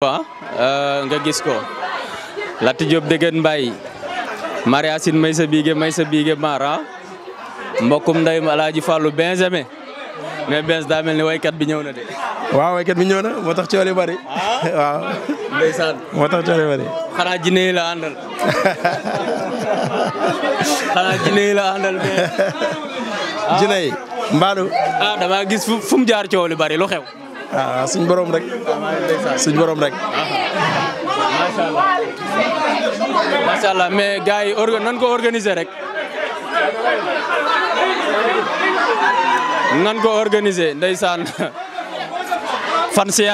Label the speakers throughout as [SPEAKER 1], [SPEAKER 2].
[SPEAKER 1] Euh, nga gis ko Lat Diop Degen Mbaye Maria Sine Maysa Bigué Maysa Bigué Mara mbokkum ndeyum Alaaji Fallou Benjamin mais Benz daa mel ni waykat bi ñëw na de. waaw waykat bi ñëw na moo tax coole bari.
[SPEAKER 2] Ah? waaw ndeysaan moo tax coole bari.
[SPEAKER 1] xanaa jinne yi la àndal xanaa jinne la àndal mais. jinne yi ah. mbaalu. Ah, gis fu jaar coole bari lu xew. waaw ah, suñ borom rek. suñ rek. macha allah mais gars yi organ nan ko organiser rek. nan ko organiser ndeysaan fan si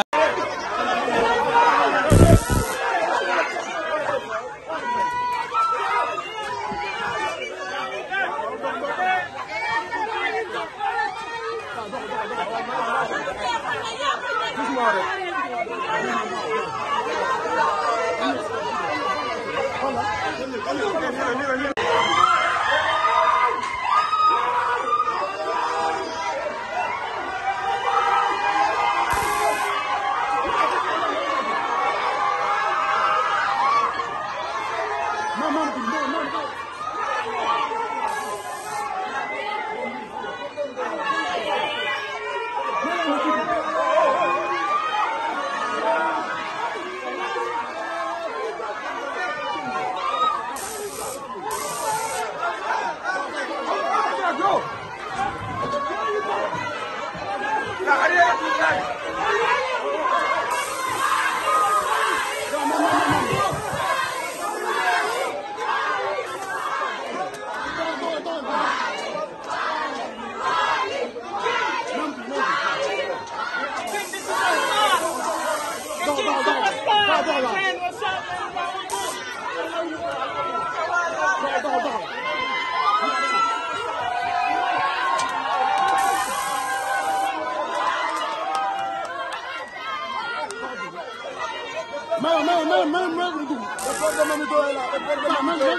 [SPEAKER 1] Go! effort de Mami Doye la effort de Mami Doye la.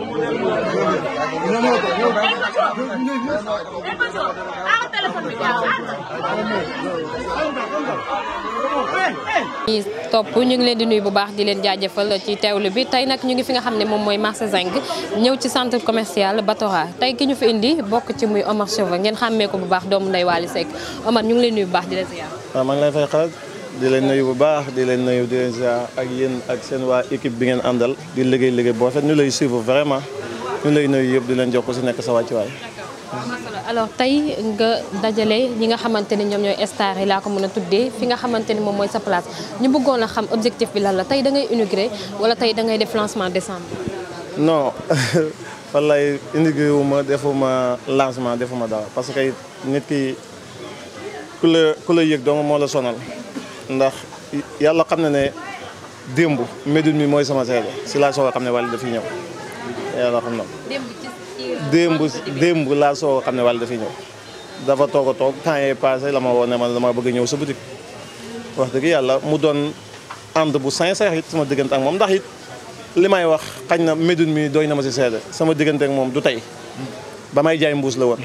[SPEAKER 3] ñi topp ñu ngi leen di nuyu bu baax di leen jaajëfal ci teewlu bi tey nag ñu ngi fi nga xam ne moom mooy marché Zinc ñëw ci centre commercial Batora tey ki ñu fi indi bokk ci muy Omar Chauve ngeen xàmmee ko bu baax doomu Ndeye Waly Seck Omar ñu ngi leen nuyu bu baax di la ziar.
[SPEAKER 2] waaw ah, maa lay fay xaaj. di leen nuyu bu baax di leen nuyu di leen ziar ak yéen ak seen waa équipe bi ngeen àndal di liggéey liggéey boo fet ñu lay suivre vraiment ñu lay nuyu yëpp di leen jox ko si nekk sa wàccuwaay.
[SPEAKER 3] alors tey nga dajale ñi nga xamante ni ñoom ñooy star yi laa ko mën a tuddee fi nga xamante ni moom mooy sa place ñu bëggoon a xam objectif bi lan la tey da ngay inauguré wala tey da ngay def lancement décembre.
[SPEAKER 2] non wallaay inauguré wu ma defuma lancement defuma dara parce que nit ku la yëg doomu moo la sonal. ndax yàlla xam na ne démb Médoune mi mooy sama seede si laa soog a xam ne wàll dafiy ñëw yàlla démb démb laa soog a ne wàll dafiy ñëw dafa toog a toog temps yee la ma woo ne ma dama bëgg ñëw sa boutique wax dëgg yàlla mu doon ànd bu sincère it sama diggante ak moom ndax it li may wax xañ na Médoune mi doy na ma si seede sama diggante ak moom du tey ba may jaay mbuus la woon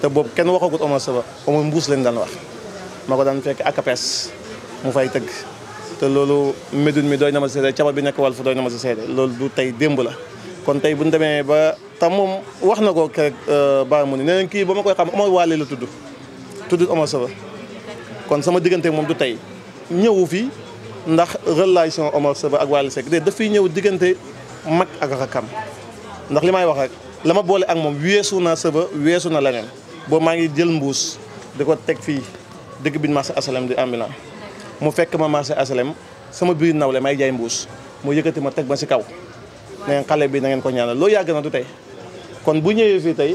[SPEAKER 2] te boobu kenn waxagut Omar Saba Omar mbuus lañ daan wax ma ko daan fekk ak apes mu fay tëgg te loolu Médoune mi doy na ma si seede bi nekk wàll fa doy na ma si loolu du tey démb la kon tey bu ñu demee ba tam moom wax na ko keroog euh, ba mu ne nee kii ba ma koy xam Omar Waale tudd tudd Omar Saba kon sama diggante moom du tey ñëwu fi ndax relation Omar Saba ak Waale Seck de dafay ñëw diggante mag ak rakam ndax li may wax rek la ma boole ak moom weesu naa seba weesu na leneen boo maa ngi jël mbuus di ko teg fii dëkk bi ñu mas asalam di ambulant mu fekk ma marché asalem sama biir nawle may jaay mbuus mu yëkkati ma teg ma si kaw ne xale bi na ngeen ko ñaanal loo yàgg na du tey kon bu ñëwee fii tey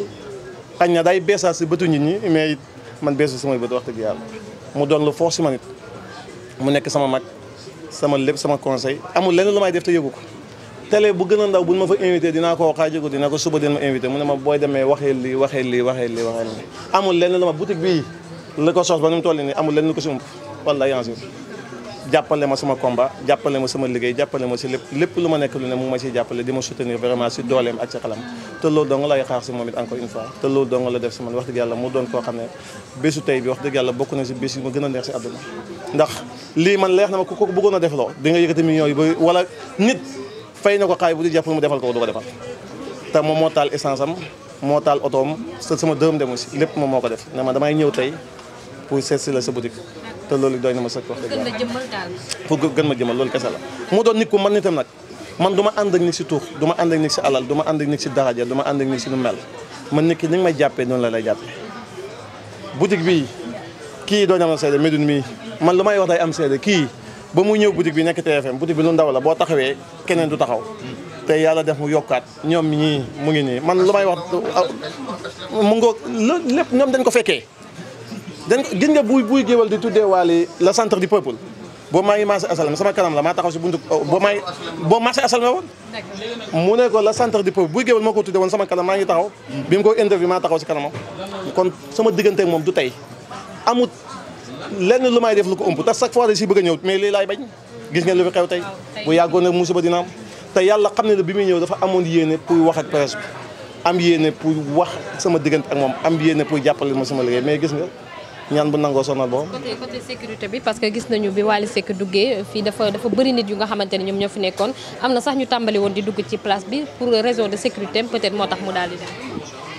[SPEAKER 2] xañ na day beesaa si bëtu nit ñi mais man beesu samay bët wax dëgg yàlla mu doon lu force si ma nit mu nekk sama mag sama lépp sama conseil amul lenn lu may def te yëgu ko télé bu gën a ndaw buñ ma fa invité ko xaajagu dina ko suba dina mu ne ma booy demee waxee lii waxee lii waxee lii waxee lii amul lenn lu ma boutique bii la ko sos ba nu mu toll nii amul lenn lu ko si ump wallaay un jour jàppale ma sama combat jàppale ma sama liggéey jàppale ma si lépp lépp lu ma nekk lu ne mu ngi ma siy jàppale di ma soutenir vraiment si dooleem ak si xelam te loolu dong lay xaar si moom it encore une fois loolu dong la def si man wax dëgg yàlla mu doon koo xam ne bésu tey bi wax dëgg yàlla bokk na si bés ma gën a neex si àdduna ndax lii man leex na ma ku ko bëggoon a def loo di nga yëkkati millions yu nit fay na ko xaay bu di jàppale mu defal ko du ko defal te moom moo taal essence am moo taal otoom sama dërëm demu si lépp moom ko def ma damay ñëw tey sa boutique te loolu doy na ma sëkk wax dëgg
[SPEAKER 3] yàlla.
[SPEAKER 2] gën ma jëmal loolu kese la. mu doon nit ku man nitam nag man du ma ànd ak nit si tuux du ma ànd ak nit si alal du ma ànd ak nit si daraja du ma ànd ak nit si nu mel man nit ki ni may jàppee noonu la lay jàppee. boutique bi kii doon na ma seede Médoune mii man lu may wax day am seede kii ba mu ñëw boutique bi nekk TFM boutique bi nu ndaw la boo taxawee keneen du taxaw. te yàlla def mu yokkaat ñoom ñii mu ngi nii man lu may wax ah, mu ngoog lépp ñoom dañ ko fekkee. dañ ko gis nga buy buy géwal di tuddee waale le centre du peuple boo maa ngi marché asalama sama kanam la maa taxaw si buntu oh, boo maa ngi boo marché asalama woon mu ne ko le centre du peuple buy géwal moo ko tuddee woon sama kanam maa ngi taxaw bi mu ko interview maa taxaw si kanamam kon sama diggante ak moom du tey amut lenn lu may def lu ko ëmb te chaque fois da si bëgg ñëw mais lii lay bañ gis ngeen lu fi xew tey bu yàggoon nag musiba dina te yàlla xam ne ne bi muy ñëw dafa amoon yéene pour wax ak am yéene pour wax sama diggante ak moom am yéene pour jàppale ma sama liggéey mais gis nga ñaan bu nangoo sonal boobu.
[SPEAKER 3] côté côté sécurité bi parce que gis nañu bi Wally Seck duggee fii dafa dafa bëri nit yu nga xamante ne ñoom ñoo fi nekkoon am na sax ñu tàmbali woon di dugg ci place bi pour raison de sécurité peut-être moo tax mu daal di dem.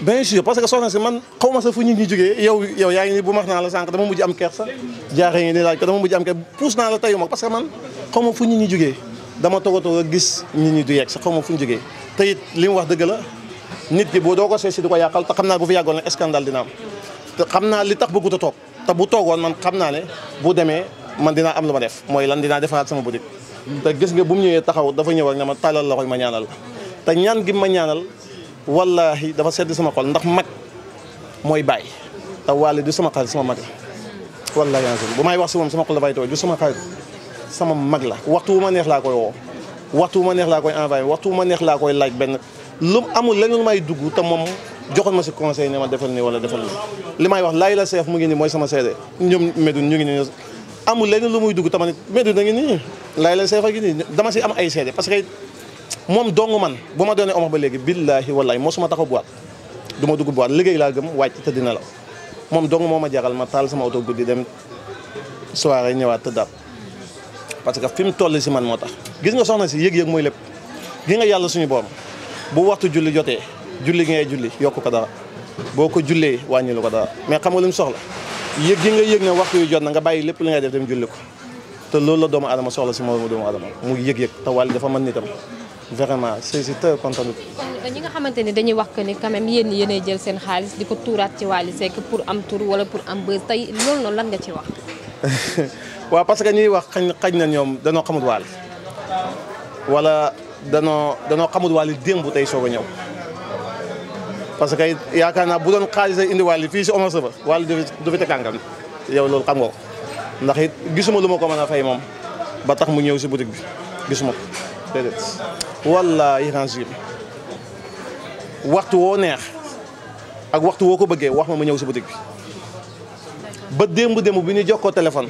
[SPEAKER 2] bien sûr parce que soxna si man xaw ma fu nit ñi jógee yow yaa ngi ni bu max naa la sànq dama mujj am kersa jaaxee ngi ni laaj ko dama mujj am kersa puus naa la tayuma parce que man xaw fu nit ñi jógee dama toog a toog a gis nit ñi du yegg sax xaw ma fu ñu jógee te it li mu wax dëgg la nit ki boo doo xam na scandale dina am te xam naa li tax bëggut a toog te bu toogoon man xam naa ne bu demee man dinaa am lu ma def mooy lan dinaa defaraat sama boutique te gis nga bu mu ñëwee taxaw dafa ñëw nga ne ma tàllal loxo ma ñaanal te ñaan gi ma ñaanal wallahi dafa sedd sama xol ndax mag mooy bàyyi te wàlli du sama xarit sama mag la wallahi bu may wax si moom sama xol dafay tooy du sama xarit sama mag la waxtu wu ma neex laa koy woo waxtu wu ma neex laa koy envoyé waxtu wu ma neex laa koy laaj benn lu amul leneen may dugg te moom joxoon ma si conseil ne ma defal nii wala defal nii li may wax laay la seef mu ngi nii mooy sama seede ñoom Medoune ñu ngi nii amul leen lu muy dugg tamit Medoune a ngi nii laay la seef a ngi nii dama si am ay seede parce que moom dong man bu ma doonee Omar ba léegi billaahi wallaahi mosuma taxaw boîte du duma dugg boîte liggéey laa gëm wàcc te dina la moom dong moom ma jaral ma taal sama oto guddi dem soirée ñëwaat tëddaat parce que fi mu toll si man moo tax gis nga soxna si yëg mooy lépp gi nga yàlla suñu borom bu waxtu julli jotee julli ngay julli yokk ko dara boo ko jullee wàññilu ko dara mais xam nga lu mu soxla yëg gi nga yëg ne waxtu yu jot na nga bàyyi lépp li ngay def dem julli ko te loolu la doomu adama soxla si moroomu doomu adama mu yëg-yëg te wàlli dafa man nitam vraiment c'est c'est très content
[SPEAKER 3] kon nga xamante ni dañuy wax que ni quand yéen yéenay jël seen xaalis di ko tuuraat ci Wally Seck pour am tour wala pour am buzz tey loolu noonu lan nga ci wax
[SPEAKER 2] waaw parce que ñuy wax xañ xañ na ñoom danoo xamut Wally wala danoo danoo xamut Wally démb tey soog a ñëw parce que yaakaar naa bu doon xaalis ay indi wàllu fii si Omar Sëba wàllu du fi teg kànkam yow loolu xam ko ndax it gisuma lu ma ko mën a fay moom ba tax mu ñëw si boutique bi gisuma ko déedéet waxtu woo neex ak woo ko bëggee wax ma mu ñëw si boutique bi ba démb démb bi ñu jox ko téléphone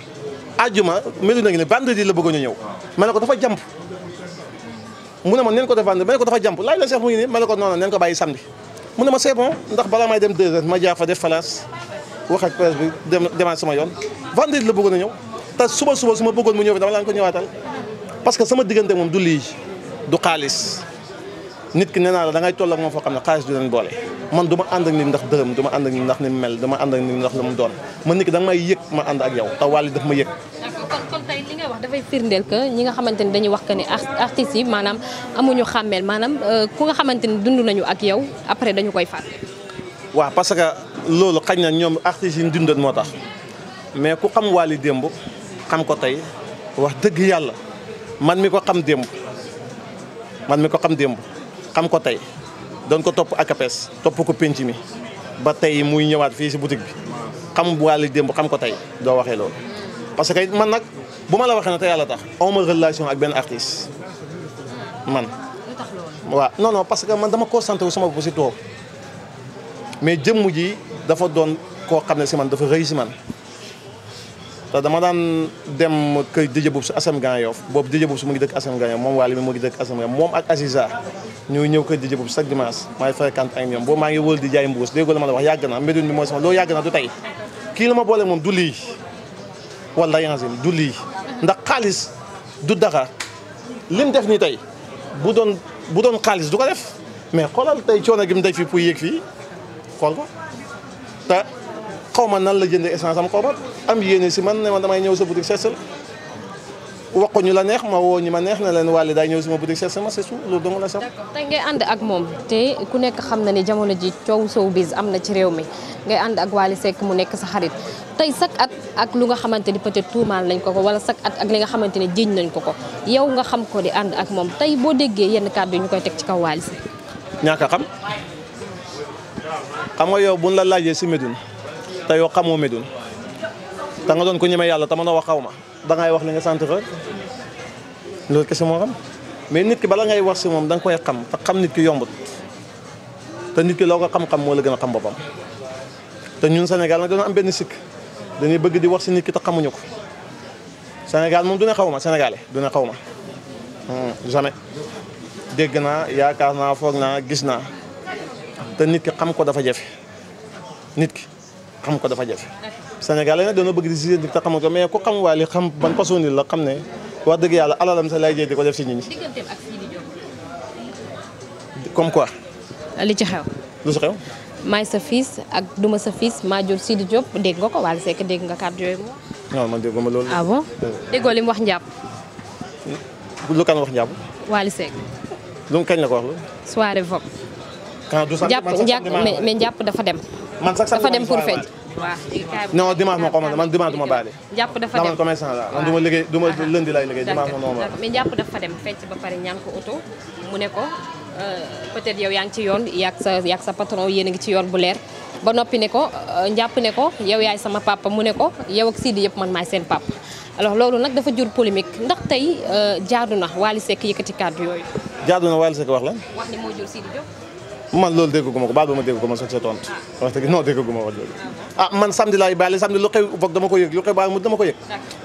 [SPEAKER 2] ajjuma melu na ngi ne vendredi la bëggoon ñu ñëw ma ne ko dafa jàmp mu ne ma neen ko dafa jàmp laaj la seex mu ngi nii ma ko noonu neen ko bàyyi samedi mu ne ma c'est bon ndax balaa may dem deux heures fa jaafa def falaas wax ak presse bi dem demaat sama yoon vendredi la bëggoon a ñëw te suba suba su ma bëggoon mu ñëw dama laan ko ñëwaatal parce que sama diggante moom du lii du xaalis nit ki nee naa la da ngay toll ak moom foo xam ne xaalis du leen boole man du ma ànd ak nit ndax dërëm du ma ànd ak nit ndax ni mel du ma ànd ak nit ndax lu mu doon man nit ki da nga may yëg ma ànd ak yow te wàlli daf ma yëg
[SPEAKER 3] dafay firndeel que nga xamante ni dañuy wax que ni artistes yi maanaam amuñu xàmmeel maanaam euh, ku nga xamante ni dund nañu ak yow après dañu koy fàtte.
[SPEAKER 2] waaw parce que loolu xañ na ñoom artistes yi ñu moo tax mais ku xam Wally démb xam ko tey wax dëgg yàlla man mi ko xam démb man mi ko xam démb xam ko tey doon ko topp akapes topp ko penc mi ba tey muy ñëwaat fii si boutique bi xam Wally démb xam ko tey doo waxee loolu parce man nag. bu ma la waxee na te yàlla tax awma relation ak benn artiste man waa non non parce que man dama concentré wu sama bopp si toog mais jëmm ji dafa doon koo xam ne si man dafa rëy si man te dama daan dem kër DJ Boubs Assane Grand Yoff boobu DJ Boubs mu ngi dëkk Assane Grand Yoff moom Waly mi mu ngi dëkk Assane moom ak Aziza ñuy ñëw kër DJ Boubs chaque dimanche maay fréquente ak ñoom boobu maa ngi wër di jaay mbuus déggoo la ma la wax yàgg na mbedun bi mooy sama loolu yàgg na ma boole moom du lii wala yanzil du lii ndax xaalis du dara lim def ni tey bu doon bu doon xaalis du ko def mais xoolal tey coono gi mu def fii pour yéeg fii xool ko te nan la jënd essence am xaw ma am yéene si man ne ma damay ñëw sa boutique seet waxu ñu la neex ma woo ñu ma neex na leen wàlli daay ñëw si ma boutique chercher ma c'est tout loolu dong la sax.
[SPEAKER 3] tey ngay ànd ak moom te ku nekk xam na ni jamono ji coow sow biis am na ci réew mi ngay ànd ak Wally Seck mu nekk sa xarit tey chaque at ak lu nga xamante ni peut-être tuumaal nañ ko ko wala chaque at ak li nga xamante ni jiiñ nañ ko ko yow nga xam ko di ànd ak moom tey boo déggee yenn kàddu yi ñu koy teg ci kaw Wally Seck.
[SPEAKER 2] ñaaka xam xam nga yow buñ la laajee si Médoune yow xamoo Médoune te nga doon ko ñemee yàlla te mën a wax xaw ma da wax li nga sant fa loolu kese moo xam mais nit ki bala ngay wax si moom da koy xam te xam nit ki yombut te nit ki loo ko xam-xam moo la gën a xam boppam. te ñun Sénégal nag dañoo am benn sikk dañuy bëgg di wax si nit ki te xamuñu ko Sénégal moom du ne xaw ma sénégalais du ne xaw ma hmm, jamais dégg naa yaakaar naa foog naa gis naa te nit ki xam ko dafa jafe nit ki xam ko dafa jafe. Sénégal nag dañoo bëgg di si di ta xamal ko mais ku xam Wally xam ban façon nit la xam ne waa dëgg yàlla alalam sa lay jëy di ko def si nit ñi. comme quoi. li ci xew. lu ci
[SPEAKER 3] sa fils ak duma sa fils maa jur Sidi Diop dégg nga ko Wally Seck dégg nga kàddu yooyu moom.
[SPEAKER 2] non man dégguma loolu. ah
[SPEAKER 3] déggoo li mu wax njàpp. lu kan wax njàpp. Wally Seck.
[SPEAKER 2] lu mu kañ la ko wax la. soirée Vogue. quand mais
[SPEAKER 3] njàpp dafa dem. man sax dafa dem pour fecc waaw
[SPEAKER 2] non dimanche ma commande man dimanche du ma baale.
[SPEAKER 3] jàpp dafa dem man
[SPEAKER 2] commerçant la man du lëndi laay liggéey dimanche ma noonu. mais
[SPEAKER 3] jàpp dafa dem fecc ba pare ñaan ko oto mu ne ko euh, peut-être yow yaa ngi ci yoon yaa sa yaa sa patron yéen ngi ci yoon bu leer. ba noppi ne ko njàpp euh, ne ko yow yaay sama papa mu ne ko yow ak Sidi yëpp man maay seen papa alors loolu nag dafa jur polémique ndax tey euh, jaadu na Wally Seck yëkkati kàddu yooyu.
[SPEAKER 2] jaadu na Wally Seck wax lan. wax man loolu dégguma ko baal ba ma dégg ko ma soog sa tontu wax dëgg non dégguma ah, man samedi laay bàyyi samedi lu xew foog dama ko yëg lu xew bàyyi mu dama ko yëg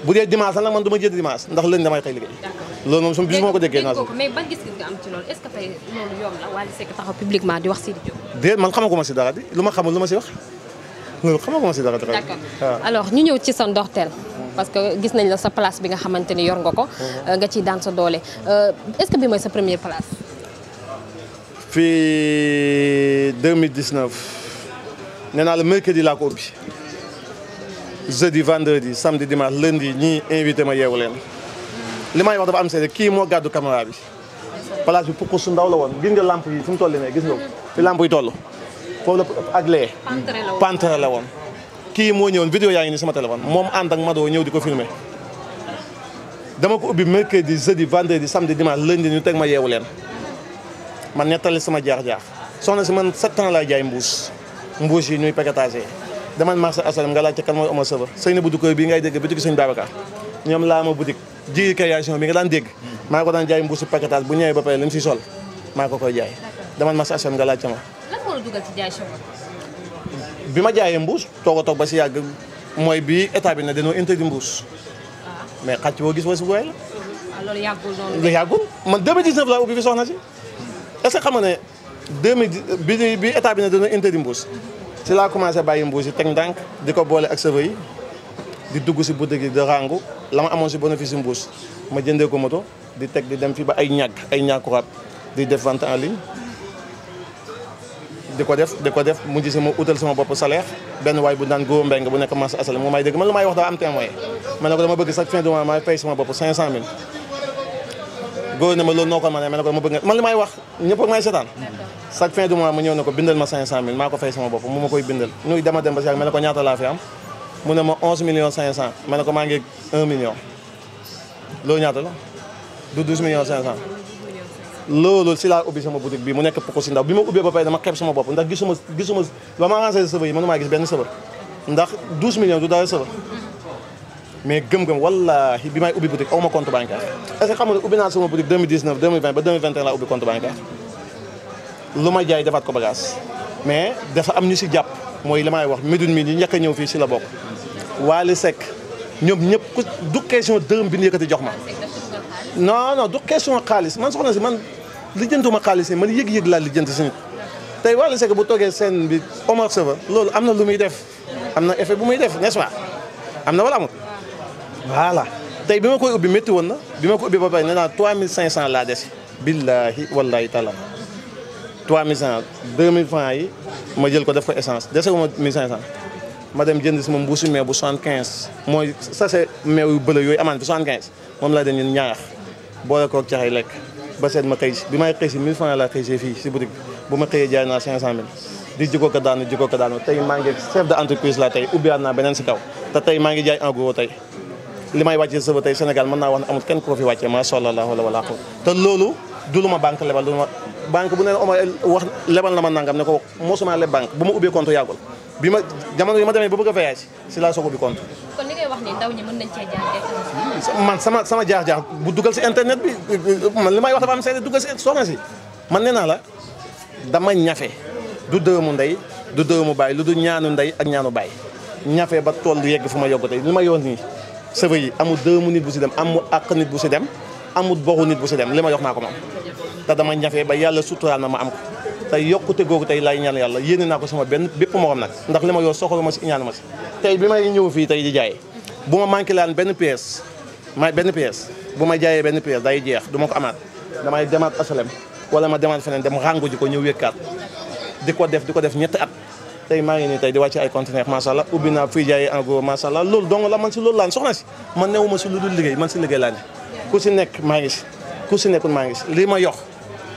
[SPEAKER 2] bu dee dimanche nag man du ma jënd dimanche ndax lëñ damay xëy liggéey loolu moom su bis moo ko déggee naa
[SPEAKER 3] mais ban gis-gis nga am ci loolu est-ce
[SPEAKER 2] si dara lu ma xamul lu ma si wax loolu xamaguma si dara dara d'accord ah.
[SPEAKER 3] alors ñu ñëw ci sa ndorteel parce que gis nañ la sa place bi nga xamante ni yor nga ko mhm. euh, nga ci daan sa doole euh, est-ce que bi mooy sa première place
[SPEAKER 2] fii 2019 nee naa la mercredi laa ko ubbi jeudi vendredi samedi dimanche lundi ñii invité ma yeewu leen li may wax dafa am seede kii moo gàddu caméra bi place bi pour su ndaw la woon gis nga lamp yi fu mu toll ne gis nga fi lamp yi toll foofu la ak lee pantre la woon kii moo ñëwoon vidéo yaa ngi ni sama téléphone moom ànd ak Mado ñëw di ko filmer dama ko ubbi mercredi jeudi vendredi samedi dimanche lundi ñu teg ma yeewu leen man nettali sama jaar-jaar soxna si man sept ans laay jaay mbuus mbuus yi ñuy paquetage demal marché asalam nga laajte kan mooy Omar Sëba ngay dégg boutique sëñ ma boutique ji création bi daan dégg maa daan jaay mbuusu paquetage bu ñëwee ba pare li mu si sol maa ko koy jaay demal marché asalam nga laajte ma bi ma jaayee mbuus toog a toog ba si yàgg mooy bi état bi ne dañoo interdit mbuus ah. mais xàcc boo gis wa si gooy
[SPEAKER 3] la ah,
[SPEAKER 2] yàggul man 2019 laa ubbi fi soxna si est-ce xam nga ne deux mille bi ñuy bi état bi ne dana interdit mbuus ci laa commencé bàyyi mbuus yi teg ndànk di ko boole ak sëfa yi di dugg si boutique yi di rangu la ma amoon si bénéfice si mbuus ma jëndee ko moto di teg di dem fi ba ay ñàkk ay ñàkkuraat di def vente en ligne di ko def di ko def mu gis ma utal sama bopp salaire benn waay bu daan góor mbeng bu nekk commencé asale moo may dégg man lu may wax daa am témoin ma ne ko dama bëgg chaque fin de mois may fay góor na ma loolu noo ko mënee ma ne ko dama bëgg man li may wax ñëpp ak may seetaan chaque fin du mois ma ñëw ne ko bindal ma 500000 maa ko fay sama bopp mu ma koy bindal ñuy dama dem ba si yàgg ma ne ko ñaata laa fi am mu ne ma 11 millions 500 ma ne ko maa ngi 1 ñaata la du 12 millions
[SPEAKER 1] 500
[SPEAKER 2] loolu si laa ubbi sama boutique bi mu nekk poko si ndaw bi ma ubbee ba pare dama xeeb sama bopp ndax gisuma gisuma ba ma arrangé sëba yi mënu maa gis benn sëba ndax 12 millions du dara sëba mais gëm-gëm wallahi bi may ubbi boutique aw ma compte bancaire est-ce que xam nga ubbi naa sama boutique 2019 2020 ba 2021 laa ubbi compte bancaire lu ma jaay defaat ko bagage mais dafa am ñu si jàpp mooy li may wax Médoune mi ñu njëkk a ñëw fii si la bokk Waly Seck ñoom ñëpp ku du question dërëm bi ñu yëkkati jox ma non non du question xaalis man soxna si man lijjantuma xaalis ni man yëg-yëg laa lijjanti si nit tey Waly Seck bu toogee scène bi Omar Sèvre loolu am na lu muy def am na effet bu muy def n'est-ce pas am na wala amul voilà tey bi ma koy ubbi métti woon na bi ma ko ubbi ba pare nee naa 3500 laa dese. billaahi wallaahi taala 3500 2000 francs yi ma jël ko def ko essence dese wu ma 1500 ma dem jënd si moom mbuusu meew bu 75 mooy sachet meew yu bële yooyu amaan bi 75 moom laa dem ñun ñaax boole koog caxay lekk ba seet ma xëy si bi may xëy si 1000 francs laa xëy si fii si boutique bi bu ma xëyee jaay naa 500000 di jikko ko daanu jikko ko daanu tey maa ngi chef de entreprise la tey ubbiwaat naa beneen si kaw te tey maa ngi jaay en gros tey. li may wàcce sëba tey Sénégal mën naa wax ne amul kenn ko fi wàcce macha allah la wala wala te loolu du lu ma banque lebal du ma banque bu ne Omar wax lebal na ma nangam ne ko mosuma leb banque bu ma ubbee compte yàggul bi ma jamono bi ma demee ba bëgg a voyage si laa soog a ubbi compte.
[SPEAKER 3] kon li ngay wax nii ndaw ñi mën nañ cee jaar
[SPEAKER 2] man sama sama jaar jaar bu dugal si internet bi man li may wax dafa am seede dugal si soxna si man nee naa la dama ñafe du dëemu ndey du dëemu baay lu du ñaanu ndey ak ñaanu baay ñafe ba toll yegg fu ma yogg tey li ma yoon nii sëba yi amul deux bu si dem amul àq nit bu si dem amul boxu nit bu si dem li ma jox naa ko moom te dama ñafe ba yàlla suturaal na ma am ko tey yokkute googu tey laay ñaan yàlla yéene naa ko sama benn bépp morom nag ndax li ma yor soxalu ma si ñaanu ma si tey bi may ñëw fii tey di jaay bu ma manqué laan benn pièce may benn pièce bu ma jaayee benn pièce day jeex du ma ko amaat damay demaat asalem wala ma demaat feneen dem ràngu ji ko ñëw wékkaat di ko def di ko def ñetti at tey maa ngi nii tey di wàcc ay conteneur macha allah ubbi naa fii jaayee en gros macha allah loolu dong la man si loolu laan soxna si man newuma si lu dul liggéey man si liggéey laa ne ku si nekk maa ngi si ku si nekkul maa ngi si lii ma yox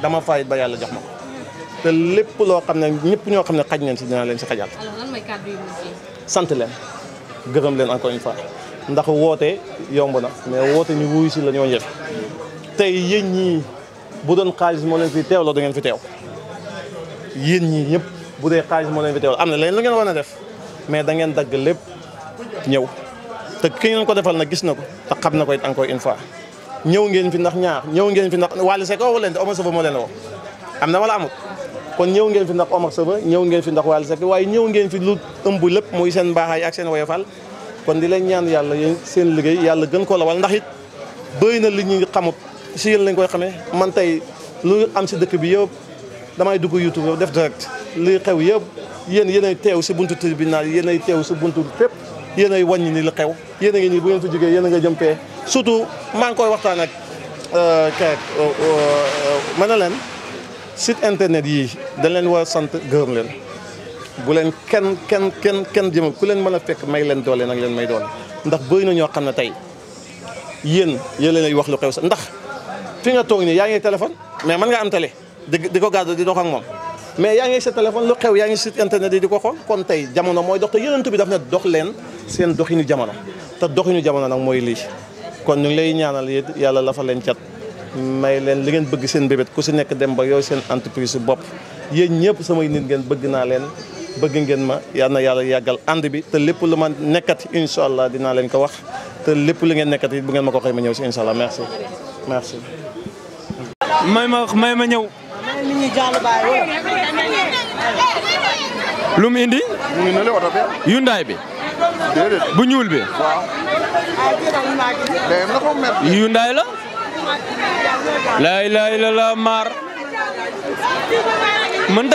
[SPEAKER 2] dama fay ba yàlla jox ma ko te lépp loo xam ne ñëpp ñoo xam ne xaj nañ si dinaa leen si xajal.
[SPEAKER 3] alors
[SPEAKER 2] sant leen gërëm leen encore une fois ndax woote yomb na mais woote ñu wuyu si lañoo ñoo tey yéen ñii bu doon xaalis moo leen fi teew la fi teew yéen bu dee xaalis moo leen fi teewal am na leen lu ngeen war a def mais dangeen dagg lépp ñëw te ki ngeen ko defal na gis na ko tax xam na ko it une fois ñëw ngeen fi ndax ñaar ñëw ngeen fi ndax Wally Seck woo leen te Omar Sëba moo leen woo am na wala amut kon ñëw ngeen fi ndax Omar Sëba ñëw ngeen fi ndax Wally Seck waaye ñëw ngeen fi lu ëmb lépp muy seen mbaaxaay ak seen woyofal kon di leen ñaan yàlla yéen seen liggéey yàlla gën ko la wala ndax it bëri na li ñu xamut si lañ koy xamee man tey lu am si dëkk bi yëpp damay dugg YouTube def direct li xew yëpp yen yéen ay teew si buntu tribunal yéen ay teew si buntu fépp yen ay wàññi ni li xew yéen a ngi nii bu ngeen fi jógee yéen a nga jëm pee surtout maa ngi koy waxtaan ak euh, keek euh, ma ne leen sit internet yi dañ leen war a sant gërëm leen bu leen kenn kenn kenn kenn jëma ku leen mën a fekk may leen doole nag leen may doole ndax bëri na ñoo xam ne tey yéen yéen lay wax lu xew sax ndax fi nga toog nii yaa ngi téléphone mais man nga am télé di ko gàddu di dox ak moom mais yaa ngi sa téléphone lu xew yaa ngi site internet yi di ko xool kon tey jamono mooy dox te yonent bi daf ne dox leen seen doxinu jamono te doxinu jamono nag mooy lii kon ñu ngi lay ñaanal yàlla la fa leen cat may leen li ngeen bëgg seen bébét ku si nekk dem ba yooyu seen entreprise su bopp yéen ñëpp samay nit ngeen bëgg naa leen bëgg ngeen ma yal na yàlla yàggal ànd bi te lépp lu ma nekkati incha allah dinaa leen ko wax te lépp li ngeen nekkati bu ngeen ma ko xëy ma ñëw si incha allah merci merci. may
[SPEAKER 1] lu mu indi. mu ngi bu ñuul bi. waaw. la. lay la la maar. mën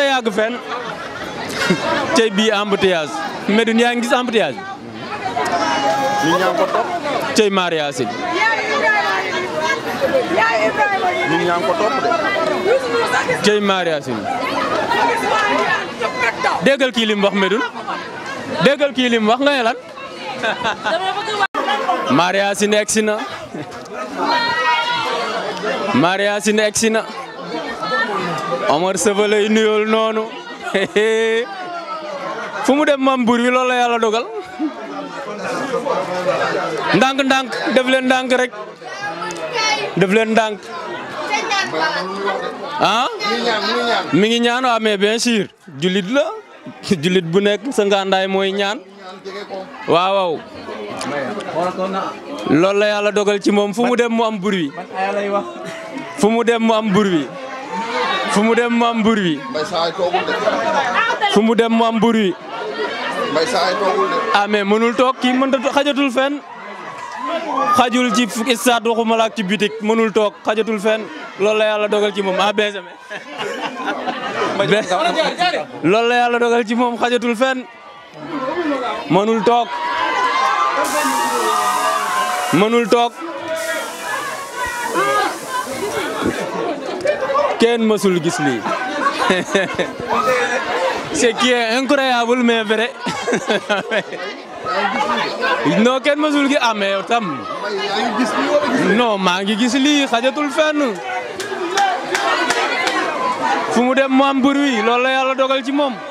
[SPEAKER 1] yaa ngi gis embouteillage bi. nit ñaa ngi ko topp. tey mariage bi. jëy maariasin déggal kii lim wax Médoune déggal kii lim wax nga ne lan maariasin egsi na maariasin egsi nuyool noonu fu mu dem mam bur wi loolu la yàlla dogal ndànk ndànk def leen rek def leen ah mi ngi ñaan waaw mais bien sûr jullit la jullit bu nekk sa ngàndaay mooy ñaan waaw waaw loolu la yàlla dogal ci moom fu mu dem mu am bur wi fu mu dem mu am bur fu mu dem mu am bur wi fu mu dem mu am bur ah, mënul toog kii mënta xajatul fenn xajul ci stade waxuma la ci bitik mënul toog xajatul fenn loolu la dogal ci moom ah BSM. loolu la yàlla dogal ci moom xajatul fenn mënul toog mënul toog kenn mësul gis lii c'est qui est incroyable non kenn mësul gi amee ah, tam. non maa ngi gis lii xajatul fenn.
[SPEAKER 2] fu mu dem mu am bruit loolu la yàlla dogal ci moom.